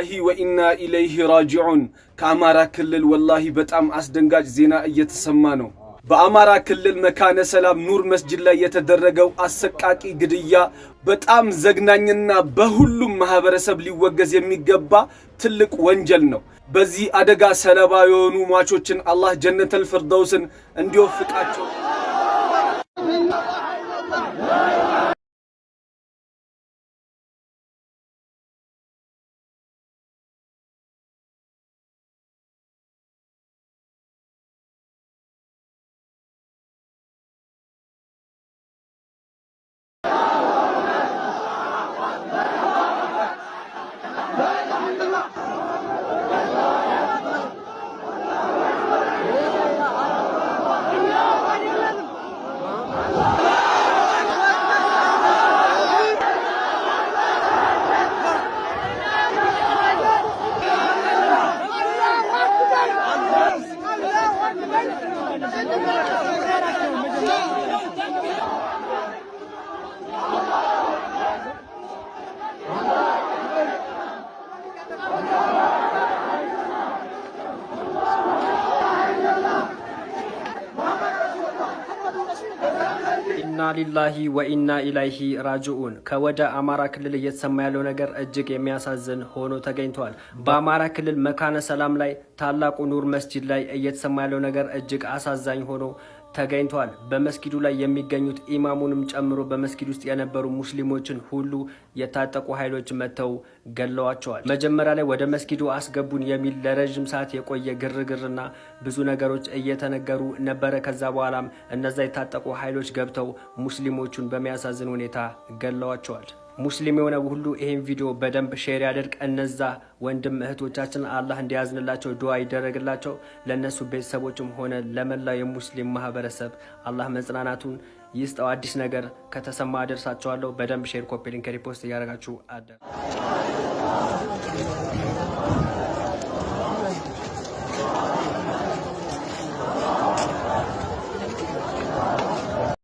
ሊላሂ ወኢና ኢለይህ ራጅዑን። ከአማራ ክልል ወላሂ በጣም አስደንጋጭ ዜና እየተሰማ ነው። በአማራ ክልል መካነ ሰላም ኑር መስጂድ ላይ የተደረገው አሰቃቂ ግድያ በጣም ዘግናኝና በሁሉም ማህበረሰብ ሊወገዝ የሚገባ ትልቅ ወንጀል ነው። በዚህ አደጋ ሰለባ የሆኑ ሟቾችን አላህ ጀነተል ፊርደውስን እንዲወፍቃቸው ኢና ሊላሂ ወኢና ኢላይሂ ራጅኡን። ከወደ አማራ ክልል እየተሰማ ያለው ነገር እጅግ የሚያሳዝን ሆኖ ተገኝቷል። በአማራ ክልል መካነ ሰላም ላይ ታላቁ ኑር መስጂድ ላይ እየተሰማ ያለው ነገር እጅግ አሳዛኝ ሆኖ ተገኝተዋል። በመስጊዱ ላይ የሚገኙት ኢማሙንም ጨምሮ በመስጊድ ውስጥ የነበሩ ሙስሊሞችን ሁሉ የታጠቁ ኃይሎች መጥተው ገለዋቸዋል። መጀመሪያ ላይ ወደ መስጊዱ አስገቡን የሚል ለረዥም ሰዓት የቆየ ግርግርና ብዙ ነገሮች እየተነገሩ ነበረ። ከዛ በኋላም እነዛ የታጠቁ ኃይሎች ገብተው ሙስሊሞቹን በሚያሳዝን ሁኔታ ገለዋቸዋል። ሙስሊም የሆነ ሁሉ ይህን ቪዲዮ በደንብ ሼር ያደርግ። እነዛ ወንድም እህቶቻችን አላህ እንዲያዝንላቸው ዱዓ ይደረግላቸው። ለእነሱ ቤተሰቦችም ሆነ ለመላው የሙስሊም ማህበረሰብ አላህ መጽናናቱን ይስጠው። አዲስ ነገር ከተሰማ አደርሳቸዋለሁ። በደንብ ሼር፣ ኮፒ ሊንክ፣ ሪፖስት እያደረጋችሁ አደ